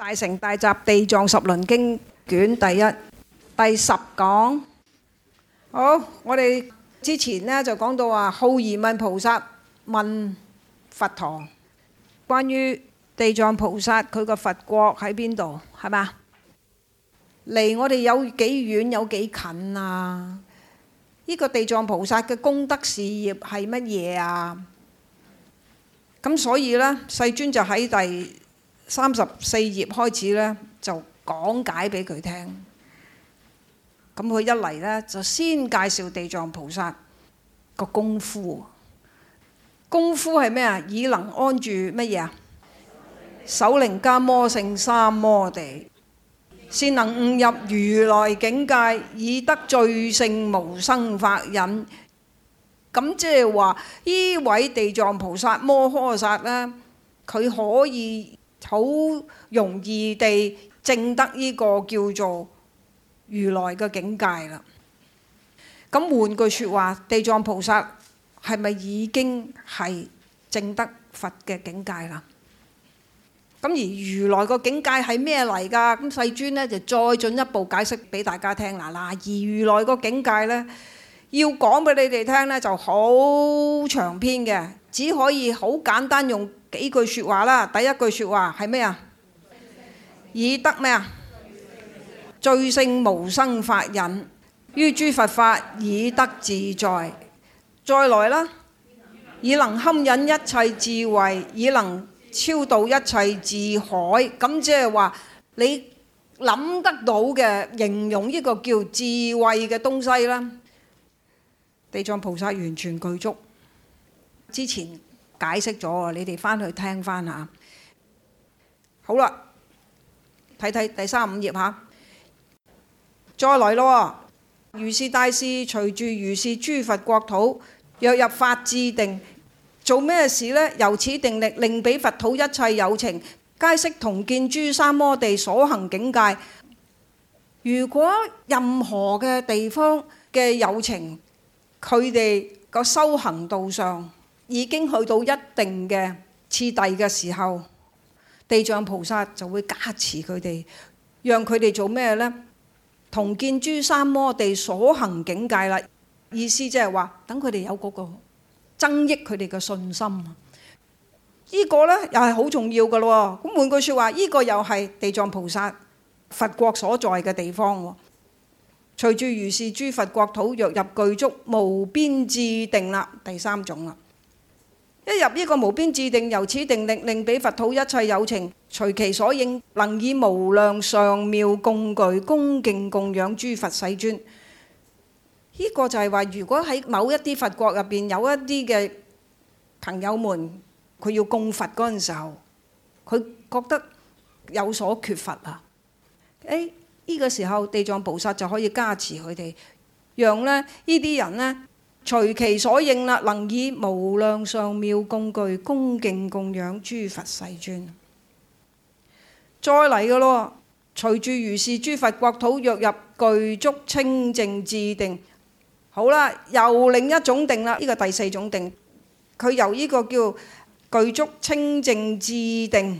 大乘大集地藏十輪經卷第一，第十講，好，我哋之前呢就講到話，好疑問菩薩問佛陀關於地藏菩薩佢個佛國喺邊度，係嘛？離我哋有幾遠，有幾近啊？呢個地藏菩薩嘅功德事業係乜嘢啊？咁所以呢，世尊就喺第三十四頁開始呢，就講解俾佢聽。咁佢一嚟呢，就先介紹地藏菩薩個功夫。功夫係咩啊？已能安住乜嘢啊？首楞伽摩勝三摩地，善能悟入如來境界，已得最勝無生法忍。咁即係話呢位地藏菩薩摩訶薩呢，佢可以。好容易地證得呢個叫做如來嘅境界啦。咁換句説話，地藏菩薩係咪已經係證得佛嘅境界啦？咁而如來個境界係咩嚟㗎？咁世尊咧就再進一步解釋俾大家聽啦。嗱，而如來個境界咧，要講俾你哋聽咧就好長篇嘅，只可以好簡單用，幾句説話啦，第一句説話係咩啊？已得咩啊？最勝無生法忍於諸佛法，已得自在。再來啦，已能堪忍一切智慧，已能超度一切智海。咁即係話你諗得到嘅形容呢個叫智慧嘅東西啦。地藏菩薩完全具足。之前。解釋咗，你哋返去聽返下好啦，睇睇第三五頁嚇，再來咯。如是大士，隨住如是諸佛國土，若入發智定，做咩事呢？由此定力，令彼佛土一切有情，皆悉同見諸三摩地所行境界。如果任何嘅地方嘅有情，佢哋個修行道上。已經去到一定嘅次第嘅時候，地藏菩薩就會加持佢哋，讓佢哋做咩呢？同見諸三摩地所行境界啦。意思即係話，等佢哋有嗰個增益佢哋嘅信心。呢個呢，又係好重要嘅咯。咁換句説話，呢個又係地藏菩薩佛國所在嘅地方。隨住如是諸佛國土若入具足無邊智定啦，第三種啦。一入呢個無邊智定，由此定力令彼佛土一切有情隨其所應，能以無量上妙供具恭敬供養諸佛世尊。呢、這個就係話，如果喺某一啲佛國入邊有一啲嘅朋友們，佢要供佛嗰陣時候，佢覺得有所缺乏啊！誒、哎，呢、這個時候地藏菩薩就可以加持佢哋，讓呢呢啲人呢。隨其所應啦，能以無量上妙供具，恭敬供養諸佛世尊。再嚟嘅咯，隨住如是諸佛國土，若入具足清淨智定。好啦，又另一種定啦，呢個第四種定，佢由呢個叫具足清淨智定。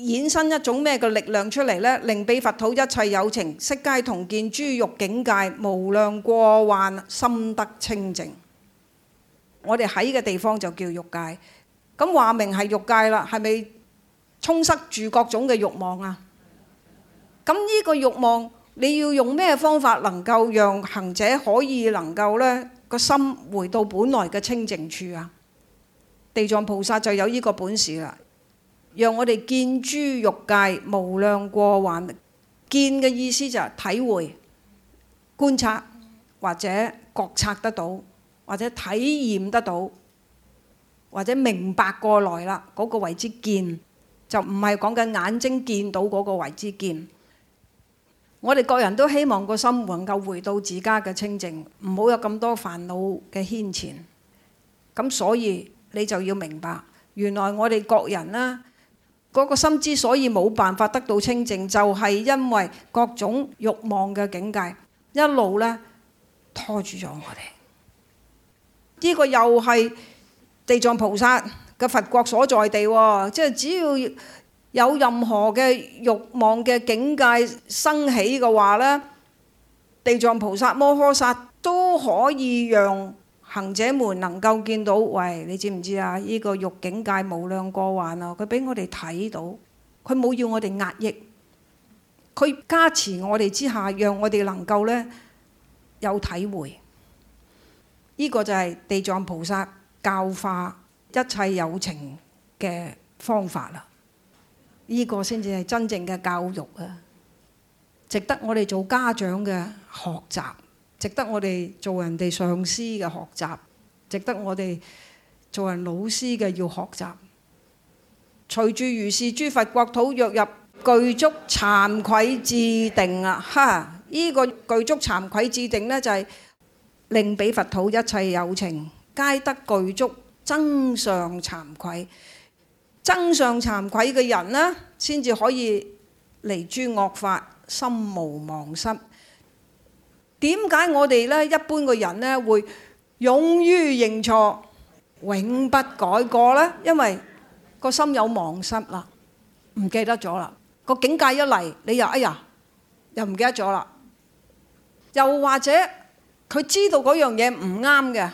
衍生一種咩嘅力量出嚟呢，令彼佛土一切有情悉皆同見諸欲境界，無量過患，心得清淨。我哋喺呢個地方就叫欲界，咁話明係欲界啦，係咪充塞住各種嘅慾望啊？咁呢個慾望，你要用咩方法能夠讓行者可以能夠呢個心回到本來嘅清淨處啊？地藏菩薩就有呢個本事啦。讓我哋見諸欲界無量過患，見嘅意思就係體會、觀察或者覺察得到，或者體驗得到，或者明白過來啦。嗰個為之見，就唔係講緊眼睛見到嗰個為之見。我哋各人都希望個心能夠回到自家嘅清靜，唔好有咁多煩惱嘅牽纏。咁所以你就要明白，原來我哋各人啦。嗰個心之所以冇辦法得到清淨，就係因為各種慾望嘅境界一路咧拖住咗我哋。呢個又係地藏菩薩嘅佛國所在地喎，即係只要有任何嘅慾望嘅境界生起嘅話呢，地藏菩薩摩訶薩都可以讓。行者們能夠見到，喂，你知唔知啊？呢個欲境界無量過患啊！佢俾我哋睇到，佢冇要我哋壓抑，佢加持我哋之下，讓我哋能夠呢有體會。呢個就係地藏菩薩教化一切有情嘅方法啦。呢個先至係真正嘅教育啊！值得我哋做家長嘅學習。值得我哋做人哋上司嘅學習，值得我哋做人老師嘅要學習。隨住如是諸佛國土，若入具足慚愧智定啊！哈！依、這個具足慚愧智定呢，就係令彼佛土一切有情皆得具足增上慚愧。增上慚愧嘅人呢，先至可以離諸惡法，心無忘失。點解我哋咧一般嘅人咧會勇於認錯、永不改過呢？因為個心有忘失啦，唔記得咗啦。個境界一嚟，你又哎呀，又唔記得咗啦。又或者佢知道嗰樣嘢唔啱嘅，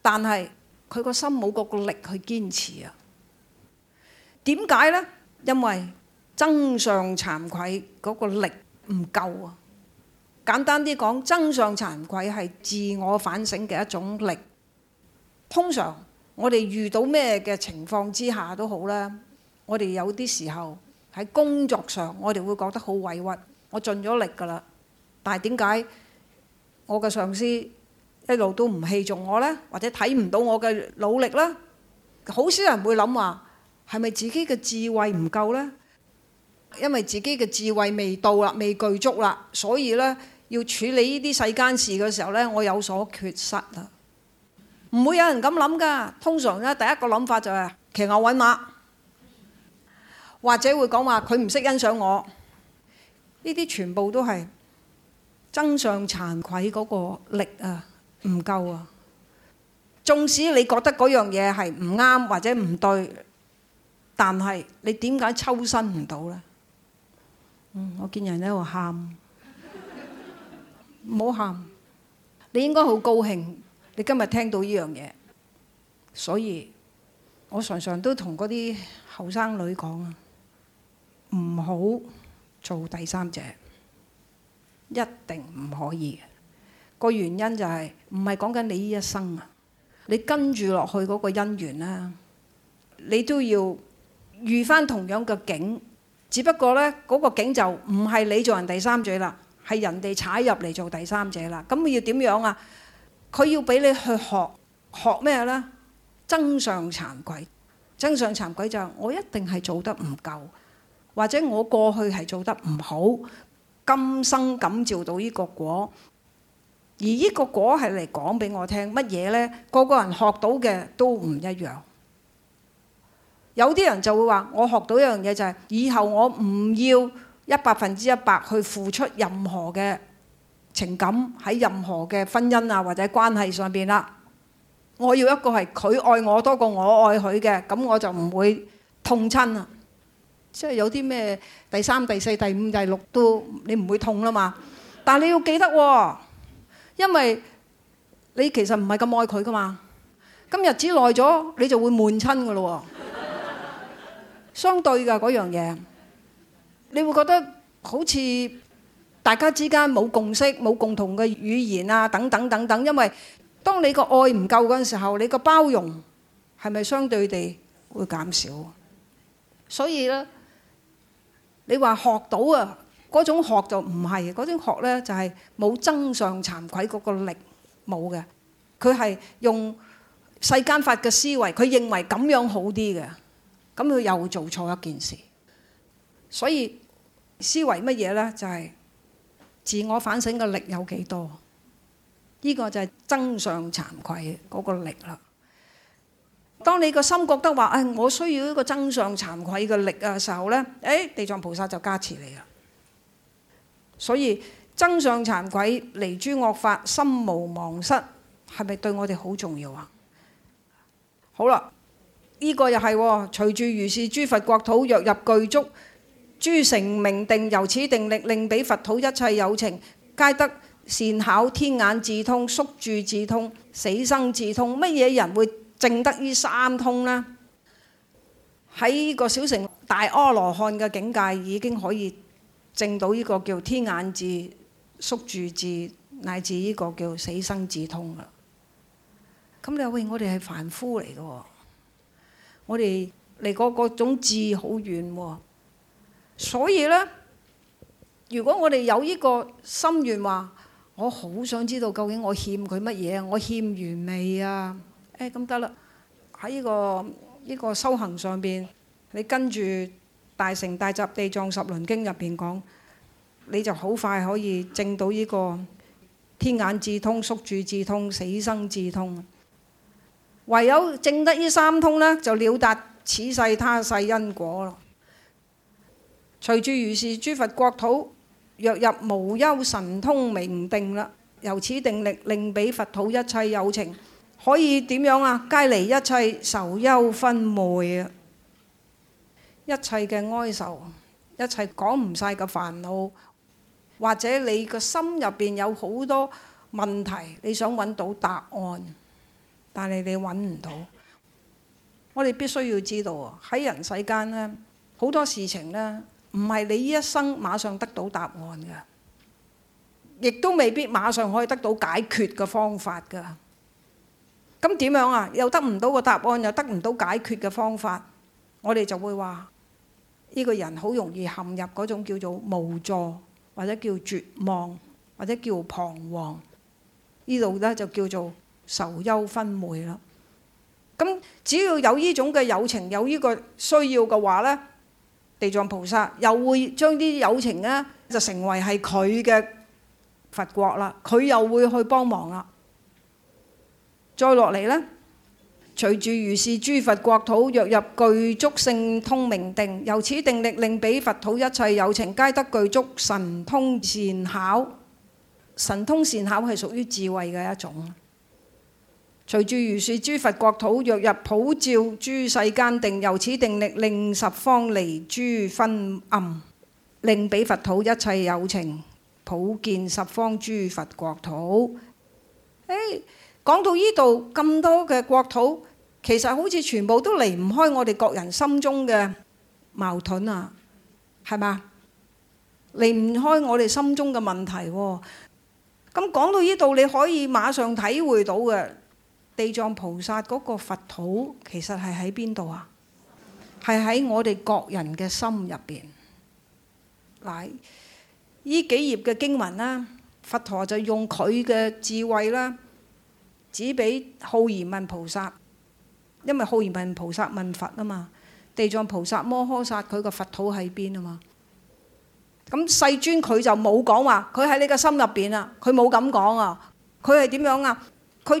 但係佢個心冇嗰個力去堅持啊。點解呢？因為增上慚愧嗰個力唔夠啊。簡單啲講，增上慚愧係自我反省嘅一種力。通常我哋遇到咩嘅情況之下都好啦，我哋有啲時候喺工作上，我哋會覺得好委屈，我盡咗力㗎啦，但係點解我嘅上司一路都唔器重我呢？或者睇唔到我嘅努力咧？好少人會諗話係咪自己嘅智慧唔夠呢？因為自己嘅智慧未到啦，未具足啦，所以呢。要處理呢啲世間事嘅時候呢，我有所缺失啦。唔會有人咁諗噶，通常呢，第一個諗法就係騎牛揾馬，或者會講話佢唔識欣賞我。呢啲全部都係增上慚愧嗰個力啊，唔夠啊！縱使你覺得嗰樣嘢係唔啱或者唔對，但係你點解抽身唔到呢？我見人喺度喊。唔好喊！你應該好高興，你今日聽到呢樣嘢，所以我常常都同嗰啲後生女講啊，唔好做第三者，一定唔可以。個原因就係唔係講緊你呢一生啊？你跟住落去嗰個姻緣啦，你都要遇翻同樣嘅景，只不過呢，嗰個景就唔係你做人第三者啦。係人哋踩入嚟做第三者啦，咁佢要點樣啊？佢要俾你去學學咩呢？增上慚愧，增上慚愧就係我一定係做得唔夠，或者我過去係做得唔好，今生感召到呢個果。而呢個果係嚟講俾我聽乜嘢呢？個個人學到嘅都唔一樣。有啲人就會話：我學到一樣嘢就係以後我唔要。一百分之一百去付出任何嘅情感喺任何嘅婚姻啊或者關係上邊啦，我要一個係佢愛我多過我愛佢嘅，咁我就唔會痛親啊，即係有啲咩第三第四第五第六都你唔會痛啦嘛，但係你要記得，因為你其實唔係咁愛佢㗎嘛，今日之耐咗你就會悶親㗎咯，相對㗎嗰樣嘢。你會覺得好似大家之間冇共識、冇共同嘅語言啊，等等等等。因為當你個愛唔夠嗰陣時候，你個包容係咪相對地會減少？所以咧，你話學到啊，嗰種學就唔係嗰種學咧，就係冇增上慚愧嗰個力冇嘅。佢係用世間法嘅思維，佢認為咁樣好啲嘅，咁佢又做錯一件事，所以。思維乜嘢呢？就係、是、自我反省嘅力有幾多？呢、這個就係真相慚愧嗰個力啦。當你個心覺得話，哎，我需要一個增上慚愧嘅力啊，時候呢，哎，地藏菩薩就加持你啦。所以增上慚愧、離諸惡法、心無忘失，係咪對我哋好重要啊？好啦，呢、這個又係，隨住如是諸佛國土若入具足。諸乘明定，由此定力令，令彼佛土一切有情皆得善巧天眼智通、宿住智通、死生智通。乜嘢人會證得呢三通呢？喺呢個小乘大阿羅漢嘅境界已經可以證到呢個叫天眼智、宿住智，乃至呢個叫死生智通啦。咁你話喂，我哋係凡夫嚟嘅，我哋離嗰各種智好遠喎。所以呢，如果我哋有呢個心願話，我好想知道究竟我欠佢乜嘢？我欠完未啊？誒，咁得啦，喺呢個呢個修行上邊，你跟住《大乘大集地藏十輪經》入邊講，你就好快可以證到呢個天眼智通、宿住智通、死生智通。唯有證得呢三通呢，就了達此世他世因果咯。隨住如是諸佛國土，若入無憂神通明定啦，由此定力令彼佛土一切有情，可以點樣啊？皆離一切愁憂昏昧啊！一切嘅哀愁，一切講唔晒嘅煩惱，或者你個心入邊有好多問題，你想揾到答案，但係你揾唔到。我哋必須要知道喎，喺人世間呢，好多事情呢。唔係你一生馬上得到答案噶，亦都未必馬上可以得到解決嘅方法噶。咁點樣啊？又得唔到個答案，又得唔到解決嘅方法，我哋就會話呢個人好容易陷入嗰種叫做無助，或者叫絕望，或者叫彷徨。呢度呢，就叫做愁憂分圍愁憂昏昧啦。咁只要有呢種嘅有情，有呢個需要嘅話呢。地藏菩薩又會將啲有情呢，就成為係佢嘅佛國啦。佢又會去幫忙啦。再落嚟呢，隨住如是諸佛國土，若入具足勝通明定，由此定力令彼佛土一切有情皆得具足神通善巧。神通善巧係屬於智慧嘅一種。隨住如是諸佛國土，若入普照諸世間定，由此定力令十方離諸昏暗，令彼佛土一切有情普見十方諸佛國土。誒，講到呢度咁多嘅國土，其實好似全部都離唔開我哋各人心中嘅矛盾啊，係嘛？離唔開我哋心中嘅問題。咁講到呢度，你可以馬上體會到嘅。地藏菩薩嗰個佛土其實係喺邊度啊？係喺我哋各人嘅心入邊。嗱，呢幾頁嘅經文啦，佛陀就用佢嘅智慧啦，指俾好疑問菩薩。因為好疑問菩薩問佛啊嘛，地藏菩薩摩訶薩佢個佛土喺邊啊嘛。咁世尊佢就冇講話，佢喺你嘅心入邊啊，佢冇咁講啊。佢係點樣啊？佢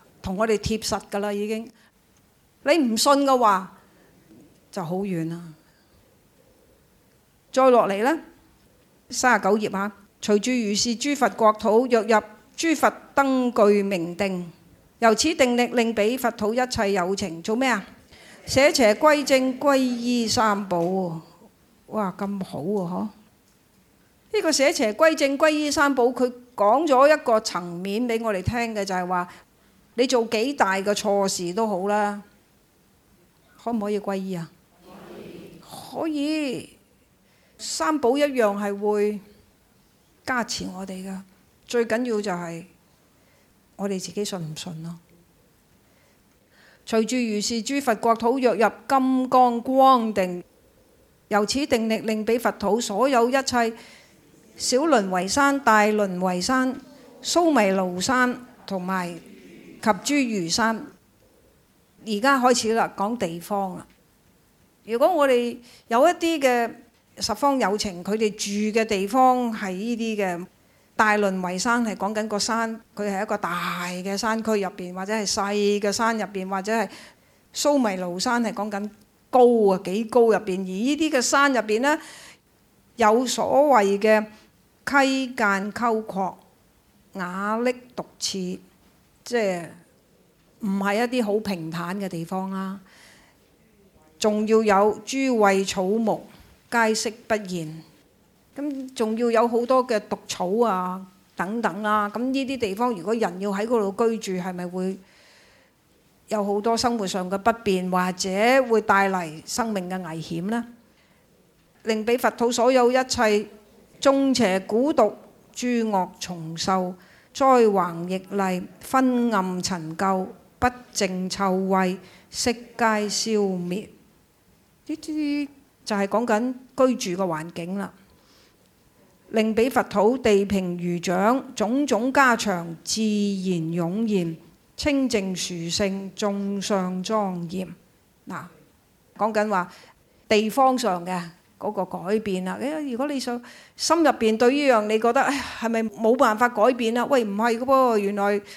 同我哋貼實噶啦，已經你唔信嘅話就好遠啦。再落嚟呢，三十九頁啊，隨住如是諸佛國土，若入諸佛燈炬明定，由此定力令彼佛土一切有情做咩啊？捨邪歸正，歸依三寶。哇，咁好喎！呢、這個捨邪歸正、歸依三寶，佢講咗一個層面俾我哋聽嘅就係、是、話。你做幾大嘅錯事都好啦，可唔可以歸依啊？可以，可以，三寶一樣係會加持我哋嘅。最緊要就係我哋自己信唔信咯。隨住如是諸佛國土，若入金剛光定，由此定力令彼佛土所有一切小輪圍山、大輪圍山、蘇迷盧山同埋。及諸餘山，而家開始啦，講地方啦。如果我哋有一啲嘅十方有情，佢哋住嘅地方係呢啲嘅。大輪圍山係講緊個山，佢係一個大嘅山區入邊，或者係細嘅山入邊，或者係蘇迷盧山係講緊高啊幾高入邊。而呢啲嘅山入邊呢，有所謂嘅溪澗溝壑、瓦礫、毒刺，即係唔係一啲好平坦嘅地方啦，仲要有諸穢草木皆悉不現，咁仲要有好多嘅毒草啊等等啦、啊。咁呢啲地方如果人要喺嗰度居住，係咪會有好多生活上嘅不便，或者會帶嚟生命嘅危險呢？令彼佛土所有一切眾邪蠱毒、諸惡蟲獸災橫疫癘昏暗塵垢不淨臭穢悉皆消滅，呢啲就係講緊居住個環境啦。令彼佛土地平如掌，種種嘉祥自然湧現，清淨殊勝眾相莊嚴。嗱，講緊話地方上嘅。嗰個改變啦，哎！如果你想心入邊對呢樣，你覺得係咪冇辦法改變啦？喂，唔係嘅噃，原來呢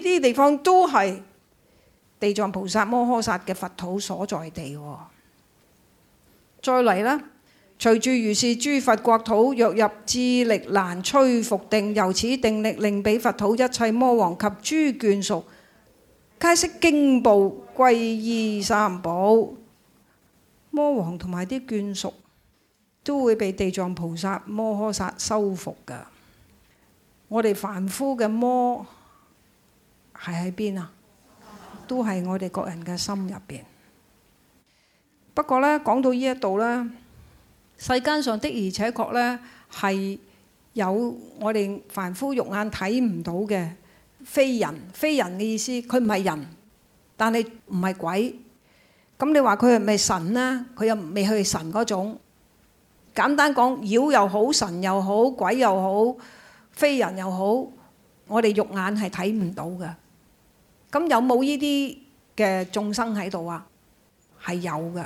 啲地方都係地藏菩薩摩訶薩嘅佛土所在地。再嚟啦，隨住如是諸佛國土，若入智力難摧伏定，由此定力令彼佛土一切魔王及諸眷屬皆悉驚怖，歸依三寶，魔王同埋啲眷屬。都會被地藏菩薩摩訶薩收服嘅。我哋凡夫嘅魔係喺邊啊？都係我哋各人嘅心入邊。不過呢，講到呢一度呢，世間上的而且確呢，係有我哋凡夫肉眼睇唔到嘅非人，非人嘅意思，佢唔係人，但係唔係鬼。咁你話佢係咪神呢？佢又未去神嗰種。簡單講，妖又好，神又好，鬼又好，非人又好，我哋肉眼係睇唔到嘅。咁有冇呢啲嘅眾生喺度啊？係有嘅。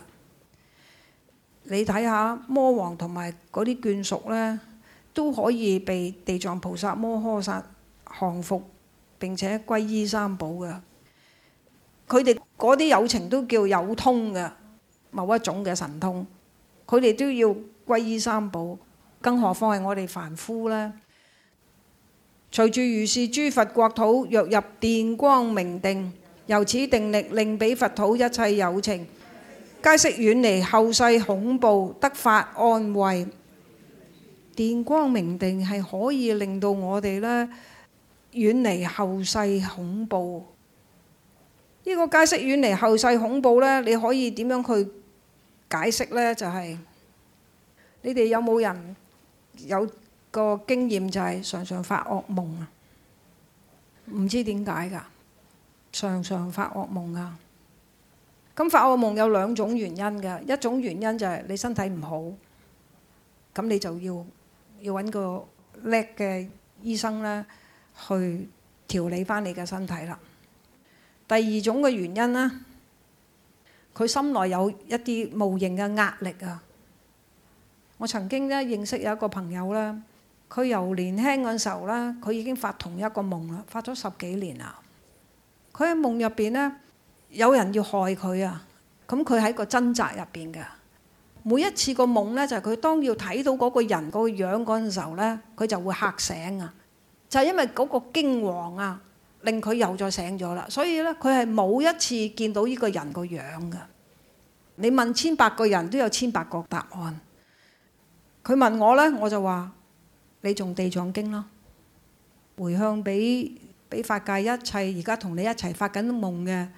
你睇下魔王同埋嗰啲眷屬呢，都可以被地藏菩薩摩訶薩降伏，並且歸依三寶嘅。佢哋嗰啲有情都叫有通嘅某一種嘅神通，佢哋都要。皈依三寶，更何況係我哋凡夫呢？隨住如是諸佛國土，若入電光明定，由此定力令彼佛土一切有情，皆悉遠離後世恐怖，得法安慰。電光明定係可以令到我哋呢遠離後世恐怖。呢個皆悉遠離後世恐怖呢，你可以點樣去解釋呢？就係。你哋有冇人有個經驗就係常常發惡夢啊？唔知點解㗎，常常發惡夢啊！咁發惡夢有兩種原因嘅，一種原因就係你身體唔好，咁你就要要揾個叻嘅醫生咧去調理返你嘅身體啦。第二種嘅原因呢，佢心內有一啲無形嘅壓力啊。我曾經咧認識有一個朋友咧，佢由年輕嗰陣時候咧，佢已經發同一個夢啦，發咗十幾年啦。佢喺夢入邊咧，有人要害佢啊，咁佢喺個掙扎入邊嘅每一次個夢咧，就係佢當要睇到嗰個人個樣嗰陣時候咧，佢就會嚇醒啊。就係因為嗰個驚惶啊，令佢又再醒咗啦。所以咧，佢係冇一次見到呢個人個樣嘅。你問千百個人都有千百個答案。佢問我呢，我就話：你仲地藏經咯，回向畀畀法界一切而家同你一齊發緊夢嘅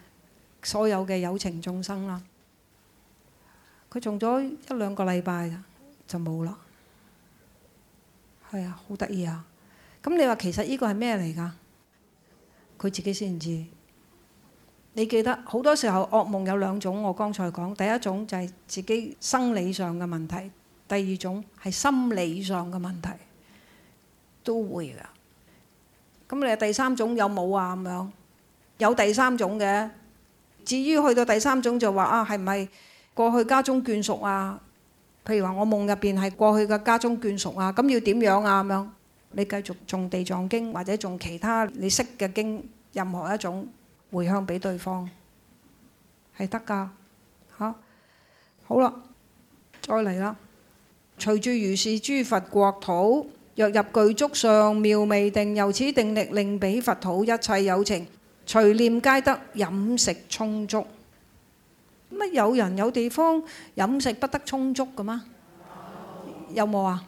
所有嘅有情眾生啦。佢仲咗一兩個禮拜就冇啦。係啊，好得意啊！咁你話其實呢個係咩嚟㗎？佢自己先知。你記得好多時候惡夢有兩種，我剛才講第一種就係自己生理上嘅問題。第二種係心理上嘅問題，都會㗎。咁你第三種有冇啊？咁樣有第三種嘅。至於去到第三種就話啊，係唔係過去家中眷屬啊？譬如話我夢入面係過去嘅家中眷屬啊，咁要點樣啊？咁樣你繼續誦地藏經或者誦其他你識嘅經，任何一種回向俾對方係得㗎吓？好啦，再嚟啦。隨住如是諸佛國土，若入具足上妙味定，由此定力，令彼佛土一切有情隨念皆得飲食充足。乜有人有地方飲食不得充足嘅嗎？有冇啊？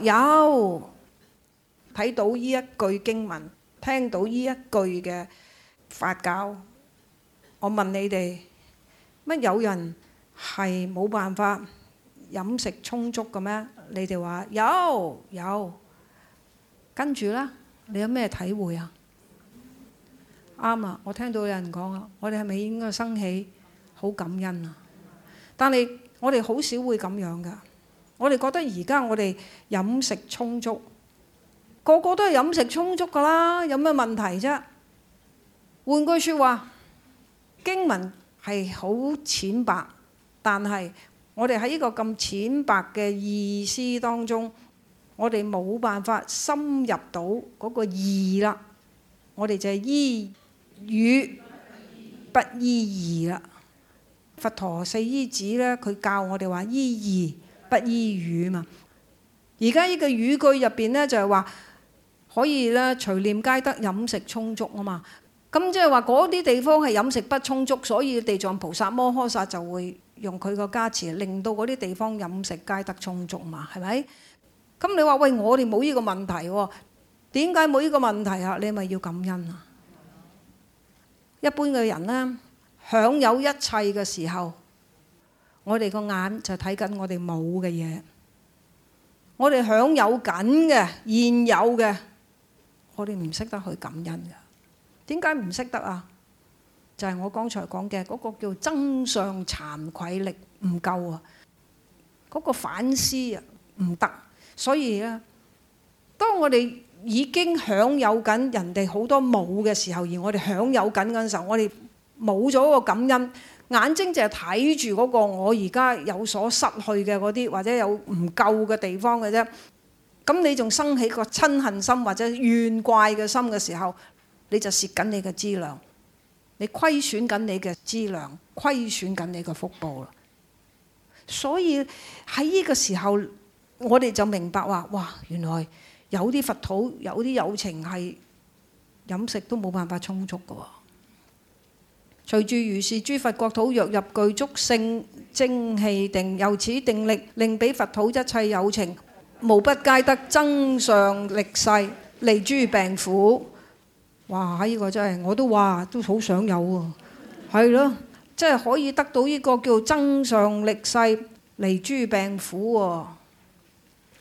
有。睇到呢一句經文，聽到呢一句嘅法教，我問你哋乜有人係冇辦法？飲食充足嘅咩？你哋話有，有，跟住咧，你有咩體會啊？啱啊！我聽到有人講啊，我哋係咪應該生起好感恩啊？但係我哋好少會咁樣噶。我哋覺得而家我哋飲食充足，個個都係飲食充足噶啦，有咩問題啫？換句説話，經文係好淺白，但係。我哋喺呢個咁淺白嘅意思當中，我哋冇辦法深入到嗰個義啦。我哋就係依語不依義啦。佛陀四依指四依止咧，佢教我哋話依義不依語嘛。而家呢個語句入邊咧，就係話可以咧隨念皆得飲食充足啊嘛。咁即係話嗰啲地方係飲食不充足，所以地藏菩薩摩訶薩就會。用佢個加持，令到嗰啲地方飲食皆得充足嘛？係咪？咁你話喂，我哋冇呢個問題喎，啊？點解冇呢個問題啊？你咪要感恩啊！一般嘅人呢，享有一切嘅時候，我哋個眼就睇緊我哋冇嘅嘢，我哋享有緊嘅現有嘅，我哋唔識得去感恩嘅，點解唔識得啊？就係我剛才講嘅嗰個叫增上慚愧力唔夠啊！嗰、嗰個反思啊唔得，所以咧，當我哋已經享有緊人哋好多冇嘅時候，而我哋享有緊嘅時候，我哋冇咗個感恩，眼睛淨係睇住嗰個我而家有所失去嘅嗰啲，或者有唔夠嘅地方嘅啫。咁你仲生起個親恨心或者怨怪嘅心嘅時候，你就蝕緊你嘅資糧。你虧損緊你嘅資糧，虧損緊你嘅福報啦。所以喺呢個時候，我哋就明白話，哇，原來有啲佛土，有啲有情係飲食都冇辦法充足嘅。隨住如是諸佛國土，若入具足勝精氣定，由此定力，令彼佛土一切有情無不皆得增上力勢，離諸病苦。哇！呢、這、依個真係，我都話，都好想有喎、啊，係咯，即係可以得到呢個叫增上力勢、啊，離諸病苦喎。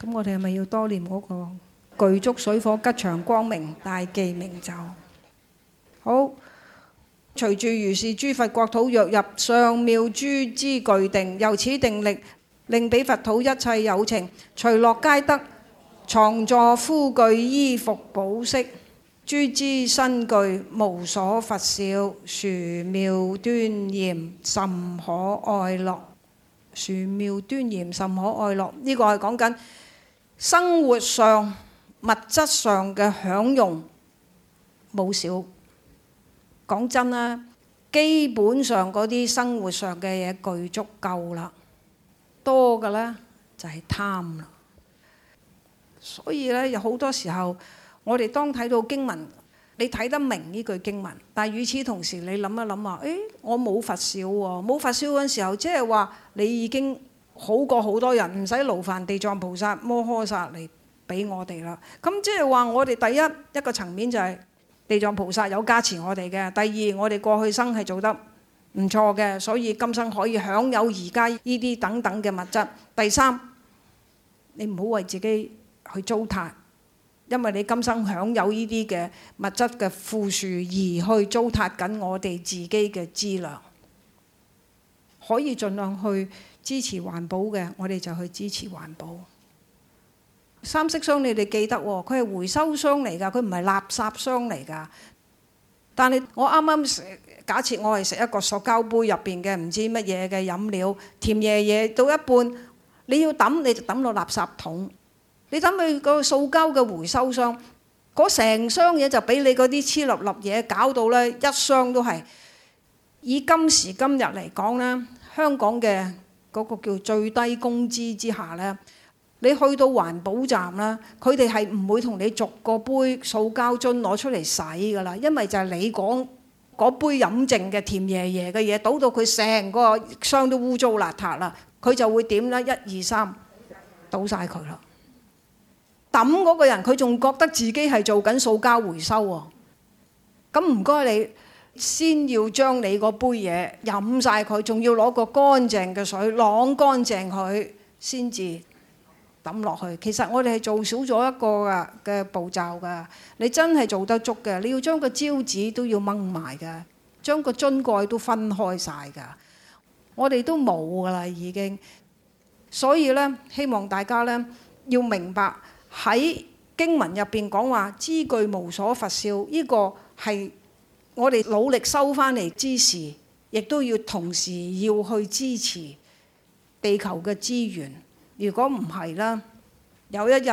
咁我哋係咪要多念嗰、那個具足水火吉祥光明大記明咒？好，隨住如是諸佛國土若入上妙諸資具定，由此定力，令彼佛土一切有情隨樂皆得牀座敷具衣服寶飾。諸資身具無所乏少，殊妙端嚴甚可愛樂，殊妙端嚴甚可愛樂。呢、呢個係講緊生活上物質上嘅享用冇少。講真啦，基本上嗰啲生活上嘅嘢具足夠啦，多㗎啦就係貪啦。所以呢，有好多時候。我哋當睇到經文，你睇得明呢句經文，但係與此同時，你諗一諗話：，誒、哎，我冇發燒喎、啊，冇發燒嗰陣時候，即係話你已經好過好多人，唔使勞煩地藏菩薩、摩訶薩嚟俾我哋啦。咁即係話我哋第一一個層面就係地藏菩薩有加持我哋嘅；，第二我哋過去生係做得唔錯嘅，所以今生可以享有而家呢啲等等嘅物質；，第三你唔好為自己去糟蹋。因為你今生享有呢啲嘅物質嘅富庶，而去糟蹋緊我哋自己嘅資糧，可以盡量去支持環保嘅，我哋就去支持環保。三色箱你哋記得，佢係回收箱嚟㗎，佢唔係垃圾箱嚟㗎。但係我啱啱假設我係食一個塑膠杯入邊嘅唔知乜嘢嘅飲料，甜嘢嘢到一半，你要抌你就抌落垃圾桶。你等佢個塑膠嘅回收箱，嗰成箱嘢就俾你嗰啲黐粒粒嘢搞到咧，一箱都係。以今時今日嚟講咧，香港嘅嗰個叫最低工資之下咧，你去到環保站咧，佢哋係唔會同你逐個杯塑膠樽攞出嚟洗㗎啦，因為就係你講嗰杯飲剩嘅甜耶耶嘅嘢倒到佢成個箱都污糟邋遢啦，佢就會點咧？一二三，倒晒佢啦。抌嗰個人，佢仲覺得自己係做緊塑膠回收喎。咁唔該你，先要將你嗰杯嘢飲曬佢，仲要攞個乾淨嘅水晾乾淨佢，先至抌落去。其實我哋係做少咗一個嘅嘅步驟噶。你真係做得足嘅，你要將個招紙都要掹埋噶，將個樽蓋都分開曬噶。我哋都冇噶啦，已經。所以呢，希望大家呢要明白。喺經文入邊講話，知句無所佛笑，呢、這個係我哋努力收翻嚟之時，亦都要同時要去支持地球嘅資源。如果唔係啦，有一日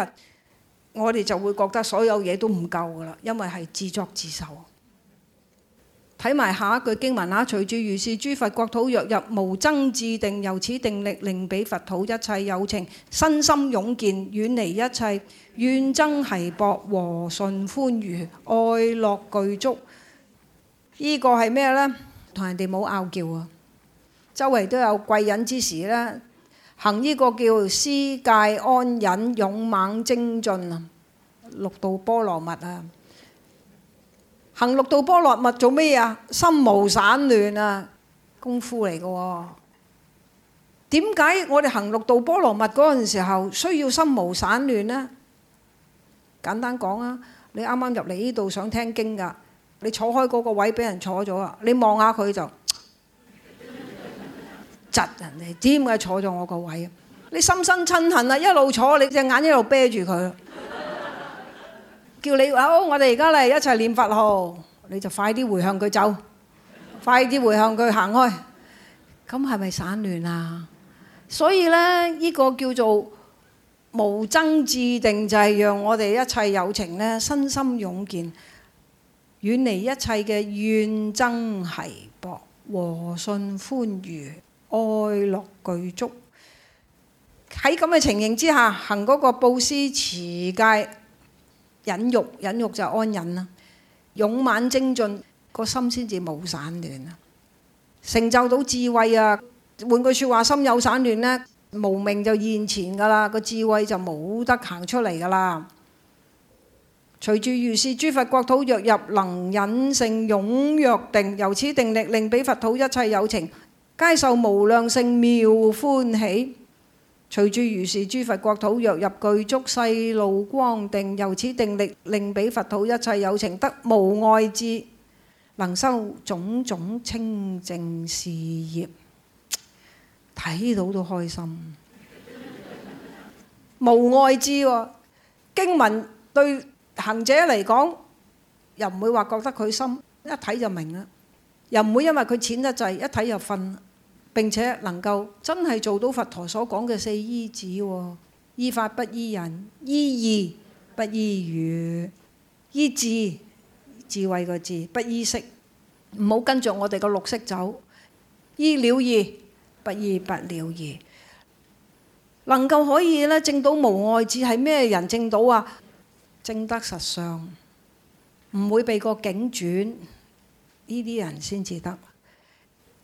我哋就會覺得所有嘢都唔夠噶啦，因為係自作自受。睇埋下一句經文啊！隨住如是諸佛國土，若入無諍智定，由此定力令彼佛土一切有情身心勇健，遠離一切怨憎繫縛，和順歡娛，愛樂具足。呢、這個係咩呢？同人哋冇拗撬啊！周圍都有貴人支持呢，行呢個叫施戒安忍勇猛精進啊，六度波羅蜜啊！行六道波羅蜜做咩啊？心無散亂啊，功夫嚟嘅喎。點解我哋行六道波羅蜜嗰陣時候需要心無散亂呢？簡單講啊，你啱啱入嚟呢度想聽經噶，你坐開嗰個位俾人坐咗啊！你望下佢就窒 人哋，知唔知坐咗我個位？啊？你心生瞋恨啊，一路坐你隻眼一路啤住佢。叫你好，我哋而家嚟一齊念佛號，你就快啲回向佢走，快啲回向佢行開。咁係咪散亂啊？所以咧，呢個叫做無諍智定，就係讓我哋一切有情咧，身心勇健，遠離一切嘅怨憎繫縛，和順歡娛，愛樂具足。喺咁嘅情形之下，行嗰個布施持戒，忍辱，忍辱就安忍啦。勇猛精進，個心先至冇散亂啦。成就到智慧啊！換句說話，心有散亂呢，無明就現前噶啦，個智慧就冇得行出嚟噶啦。隨住如是諸佛國土，若入能引勝踊躍定，由此定力，令彼佛土一切有情，皆受無量勝妙歡喜。隨住如是諸佛國土，若入具足世路光定，由此定力，令彼佛土一切有情得無礙智，能修種種清淨事業，睇到都開心。無礙智經文對行者嚟講，又唔會話覺得佢深，一睇就明啦。又唔會因為佢淺得滯，一睇就瞓。並且能夠真係做到佛陀所講嘅四依止：依法不依人，依義不依語，依智，智慧個智不依識，唔好跟著我哋個六識走。依了義不依不了義，能夠可以咧證到無礙智係咩人證到啊？證得實相，唔會被個境轉，呢啲人先至得。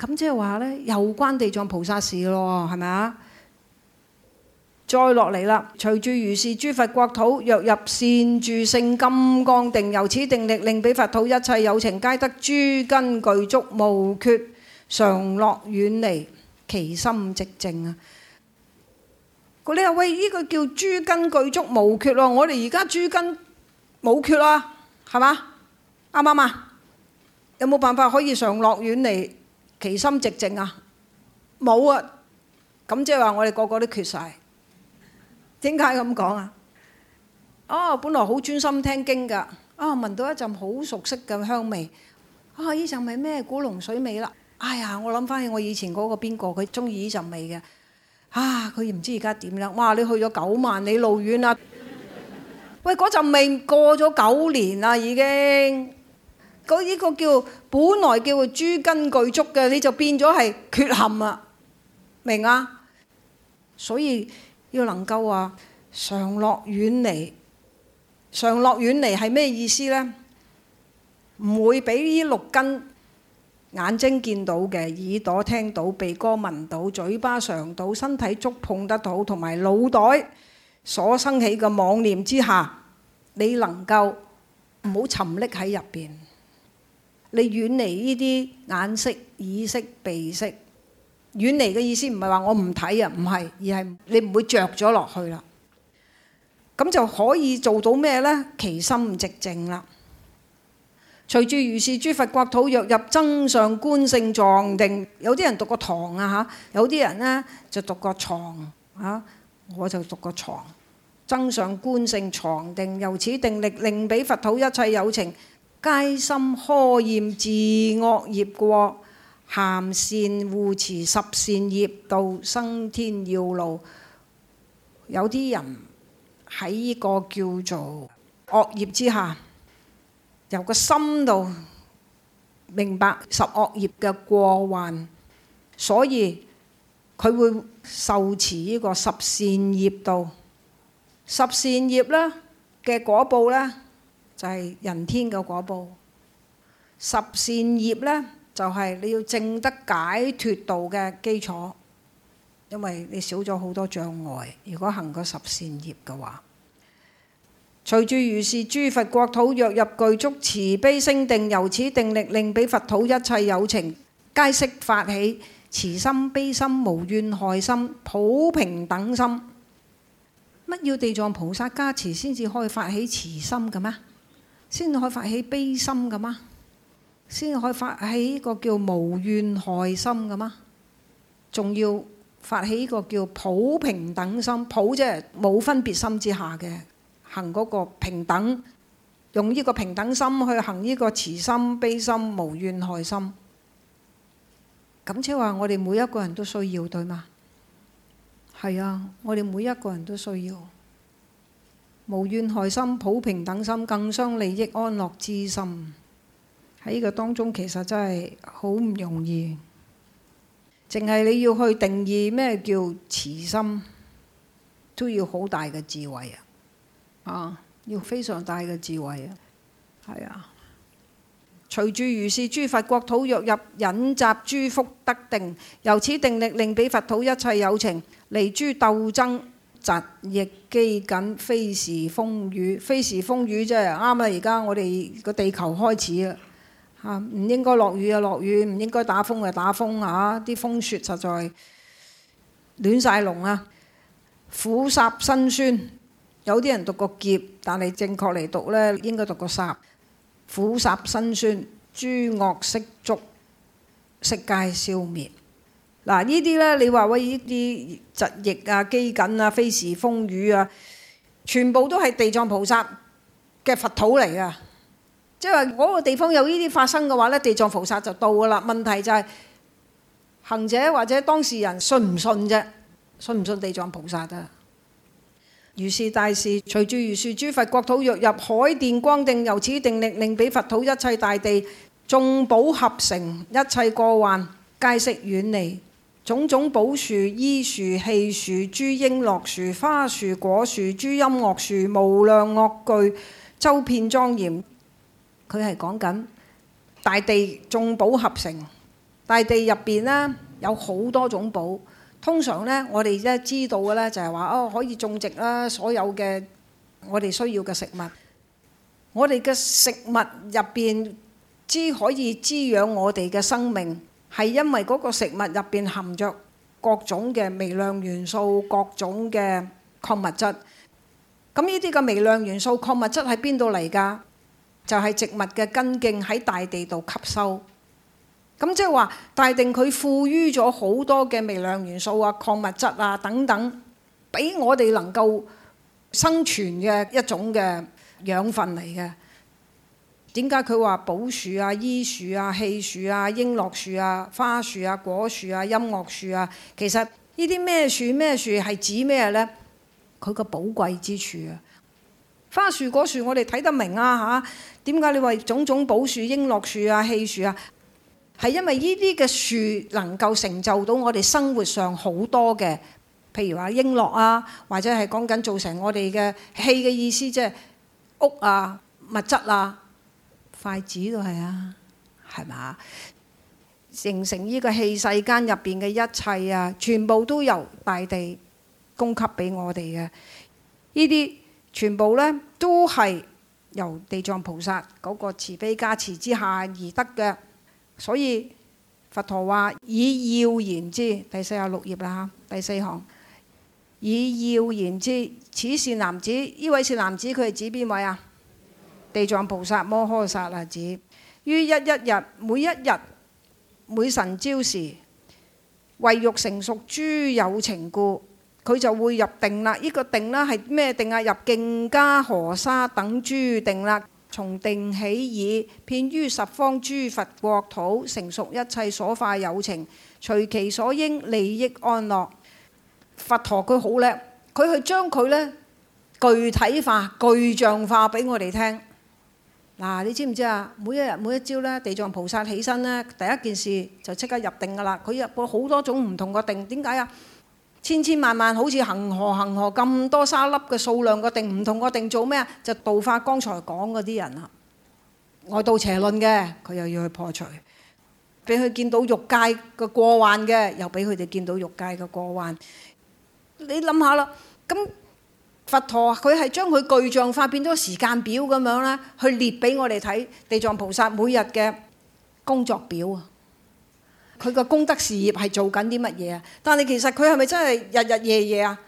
咁即係話呢，又關地藏菩薩事咯，係咪啊？再落嚟啦，隨住如是諸佛國土，若入善住勝金剛定，由此定力，令彼佛土一切有情，皆得諸根具足無缺，常樂遠離，其心寂靜啊！嗰啲啊喂，呢、這個叫諸根具足無缺咯，我哋而家諸根冇缺啦，係嘛？啱唔啱啊？有冇辦法可以常樂遠離？其心直正啊，冇啊，咁即係話我哋個個都缺晒，點解咁講啊？哦，本來好專心聽經噶，啊，聞到一陣好熟悉嘅香味，啊呢陣咪咩古龍水味啦，哎呀，我諗翻起我以前嗰個邊個，佢中意呢陣味嘅，啊佢唔知而家點啦，哇你去咗九萬里路遠啦，喂嗰陣味過咗九年啦已經。嗰呢個叫本來叫做諸根具足嘅，你就變咗係缺陷啊！明啊！所以要能夠話常樂遠離。常樂遠離係咩意思呢？唔會俾呢六根眼睛見到嘅、耳朵聽到、鼻哥聞到、嘴巴嘗到、身體觸碰得到，同埋腦袋所生起嘅妄念之下，你能夠唔好沉溺喺入邊。你遠離呢啲眼識、耳識、鼻識，遠離嘅意思唔係話我唔睇啊，唔係，而係你唔會着咗落去啦。咁就可以做到咩呢？其心寂靜啦。隨住如是諸佛國土，若入增上觀勝幢定，有啲人讀過堂啊吓，有啲人呢就讀過床。啊，我就讀過床，增上觀勝幢定，由此定力，令彼佛土一切有情。皆心呵厭自惡業過，咸善護持十善業道，生天要路。有啲人喺呢個叫做惡業之下，由個心度明白十惡業嘅過患，所以佢會受持呢個十善業道。十善業啦嘅果報呢？就係人天嘅果報，十善業呢，就係你要正得解脫道嘅基礎，因為你少咗好多障礙。如果行過十善業嘅話，隨住如是諸佛國土，若入具足慈悲聲定，由此定力，令彼佛土一切有情皆悉發起慈心悲心、無怨害心、普平等心。乜要地藏菩薩加持先至開發起慈心嘅咩？先可以發起悲心嘅嘛，先可以發起一個叫無怨害心嘅嘛，仲要發起一個叫普平等心，普即係冇分別心之下嘅行嗰個平等，用呢個平等心去行呢個慈心、悲心、無怨害心。咁即係話我哋每一個人都需要，對嘛？係啊，我哋每一個人都需要。無怨害心、普平等心、更相利益安樂之心，喺呢個當中其實真係好唔容易，淨係你要去定義咩叫慈心，都要好大嘅智慧啊！啊，要非常大嘅智慧啊！係啊！隨住如是諸佛國土若入引集諸福德定，由此定力令彼佛土一切有情離諸鬥爭。疾疫飢饉，非時風雨，非時風雨即係啱啦！而家我哋個地球開始啦，嚇，唔應該落雨就落雨，唔應該打風就打風啊！啲風雪實在亂晒龍啊！苦澀辛酸，有啲人讀個劫，但係正確嚟讀呢，應該讀個煞。苦澀辛酸，諸惡色觸，悉皆銷滅。嗱，呢啲咧，你話喂，呢啲疾疫啊、飢饉啊、非時風雨啊，全部都係地藏菩薩嘅佛土嚟啊。即係話嗰個地方有呢啲發生嘅話咧，地藏菩薩就到噶啦。問題就係、是、行者或者當事人信唔信啫？信唔信地藏菩薩啊？如是大士隨住如是諸佛國土若入海電光定，由此定力令彼佛土一切大地眾寶合成，一切過患皆悉遠離。種種寶樹、衣樹、器樹、諸瓔珞樹、花樹、果樹、諸音樂樹，無量樂具周遍莊嚴。佢係講緊大地種寶合成，大地入邊呢有好多種寶。通常呢，我哋咧知道嘅呢就係話，哦可以種植啦，所有嘅我哋需要嘅食物。我哋嘅食物入邊，只可以滋養我哋嘅生命。係因為嗰個食物入邊含着各種嘅微量元素、各種嘅礦物質。咁呢啲嘅微量元素、礦物質喺邊度嚟㗎？就係植物嘅根莖喺大地度吸收。咁即係話，大定佢賦予咗好多嘅微量元素啊、礦物質啊等等，俾我哋能夠生存嘅一種嘅養分嚟嘅。.點解佢話寶樹啊、衣樹啊、器樹啊、瓔珞樹啊、花樹啊、果樹啊、音樂樹啊？其實樹樹呢啲咩樹咩樹係指咩咧？佢個寶貴之處樹樹啊！花樹果樹我哋睇得明啊嚇！點解你話種種寶樹瓔珞樹啊，器樹啊？係、啊、因為呢啲嘅樹能夠成就到我哋生活上好多嘅，譬如話瓔珞啊，或者係講緊造成我哋嘅器嘅意思，即、就、係、是、屋啊、物質啊。筷子都係啊，係嘛？形成呢個器世間入邊嘅一切啊，全部都由大地供給俾我哋嘅。呢啲全部呢，都係由地藏菩薩嗰個慈悲加持之下而得嘅。所以佛陀話以要言之，第四十六頁啦吓，第四行。以要言之，此善男子，呢位善男子，佢係指邊位啊？地藏菩薩摩訶薩那子於一一日，每一日每晨朝時，為欲成熟諸有情故，佢就會入定啦。呢個定啦係咩定啊？入殑伽河沙等諸定啦。從定起已，遍於十方諸佛國土，成熟一切所化有情，隨其所應利益安樂。佛陀佢好叻，佢去將佢呢具體化、具象化俾我哋聽。嗱，你知唔知啊？每一日每一朝咧，地藏菩薩起身咧，第一件事就即刻入定噶啦。佢入過好多種唔同個定，點解啊？千千萬萬好似恆河恆河咁多沙粒嘅數量個定，唔同個定做咩啊？就度化剛才講嗰啲人啊，外道邪論嘅，佢又要去破除，俾佢見到欲界嘅過患嘅，又俾佢哋見到欲界嘅過患。你諗下啦，咁。佛陀佢係將佢具象化變咗時間表咁樣啦，去列俾我哋睇地藏菩薩每日嘅工作表啊。佢個功德事業係做緊啲乜嘢啊？但係其實佢係咪真係日日夜夜啊？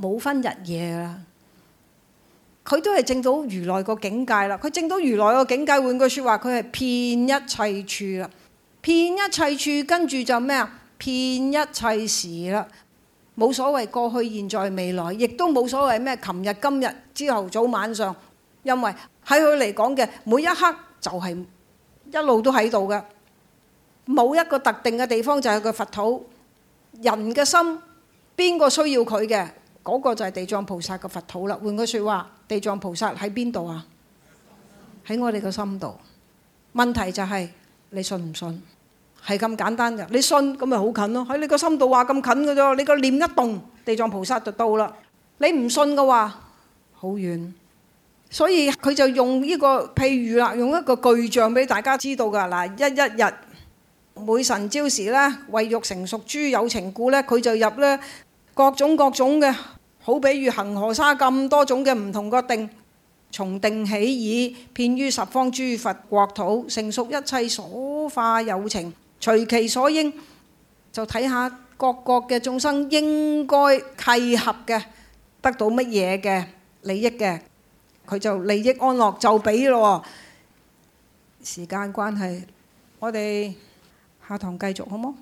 冇分日夜噶啦，佢都係證到如來個境界啦。佢證到如來個境界，換句說話，佢係遍一切處啦，遍一切處，跟住就咩啊？遍一切時啦。冇所謂過去、現在、未來，亦都冇所謂咩。琴日、今日、朝頭早、晚上，因為喺佢嚟講嘅每一刻就係、是、一路都喺度嘅，冇一個特定嘅地方就係個佛土。人嘅心邊個需要佢嘅，嗰、那個就係地藏菩薩嘅佛土啦。換句説話，地藏菩薩喺邊度啊？喺我哋個心度。問題就係、是、你信唔信？係咁簡單嘅，你信咁咪好近咯，喺你個心度，話咁近嘅啫。你個念一動，地藏菩薩就到啦。你唔信嘅話，好遠。所以佢就用呢個譬如啦，用一個巨象俾大家知道嘅嗱，一一日每晨朝時咧，為欲成熟諸有情故咧，佢就入咧各種各種嘅，好比如恒河沙咁多種嘅唔同個定，從定起已，遍於十方諸佛國土，成熟一切所化有情。隨其所應，就睇下各國嘅眾生應該契合嘅得到乜嘢嘅利益嘅，佢就利益安樂就畀咯喎。時間關係，我哋下堂繼續好冇？